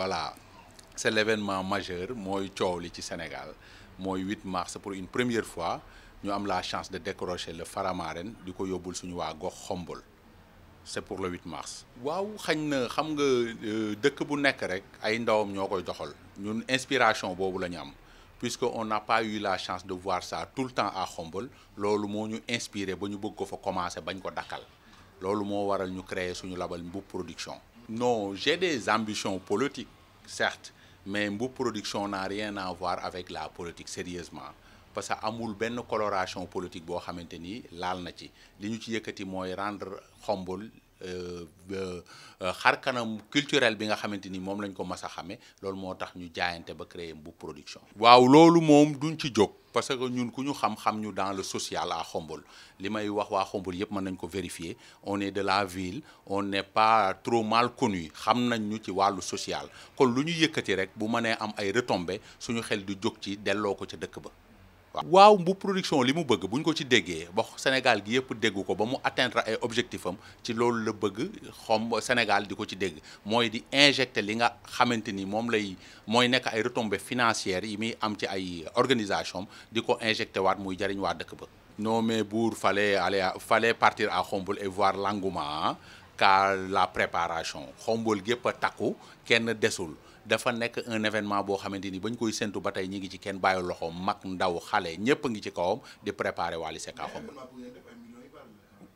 voilà c'est l'événement majeur qui coow Sénégal Le 8 mars pour une première fois nous avons la chance de décrocher le Faramaren du ko suñu c'est pour le 8 mars. waaw avons na xam nga euh, bu rek ay ndawam avons inspiration Puisqu'on la ñu n'a pas eu la chance de voir ça tout le temps à Xombol nous nous ñu inspiré nous ñu bëgg ko fa commencer bañ ko nous loolu nous waral ñu créer Production. Non, j'ai des ambitions politiques, certes, mais ma Production n'a rien à voir avec la politique, sérieusement. parce que amul ben coloration politique bo xamanteni l'Al na ci nous ci yëkëti moy rendre euh, euh, euh, xar kanam culturel bi nga xamante ni moom lañ ko mas a xamee loolu moo tax ñu jaayante ba créer bu production. waaw loolu moom duñ ci jóg parce que ñun ku ñu xam-xam ñu dans le social à xombol li may wax waa xombol yëpp mën nañ ko vérifier on est de la ville on n'est pas trop mal connu xam nañ ñu ci wàllu social kon lu ñu yëkkati rek bu mënee am ay retombées suñu xel du jóg ci delloo ko ca dëkk ba waaw bu production li mu bëgg bu ñu ko ci déggee ba Sénégal gi yëpp déggu ko ba mu atteindre ay objectif am ci loolu la bëgg xom Sénégal di ko ci dégg mooy di injecter li nga xamante ni moom lay mooy nekk ay retombées financières yi muy am ci ay organisation di ko injecté waat muy jariñ waa dëkk ba non mais bour fallait aller fallait partir à Khombole et voir l'engouement hein car la préparation Xombol gépp taku takku kenn desul dafa nek un événement bo xamanteni ni bañ koy sentu batay ñi ngi ci kenn bàyyi loxo mak ndaw xalé ñepp ngi ci kawam di préparer Wally Seck à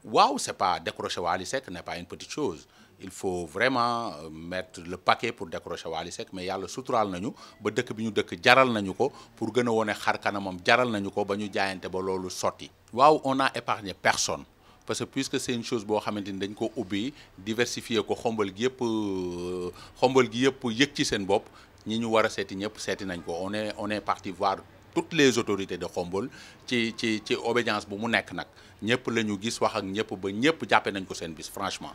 waaw c'est pas décrocher Wally Seck n'est pas une petite chose il faut vraiment euh, mettre le paquet pour décrocher Wally Seck mais yalla suturaal nañu ba dëkk bi ñu dëkk jaral nañu ko pour gëna woné xarkana mom jaral nañu ko bañu jaayante ba lolu soti waaw on a épargné personne parce que puisque c'est une chose bo xamanteni dañ ko ubbi diversifier ko xombal gi yëpp euh, xombal gi yëpp yëg ci seen bopp ñi ñu war a seeti ñëpp seeti nañ ko on est on est parti voir toutes les autorités de xombal ci ci ci obédience bu mu nekk nag ñëpp la ñu gis wax ak ñëpp ba ñëpp jàppe nañ ko seen bis franchement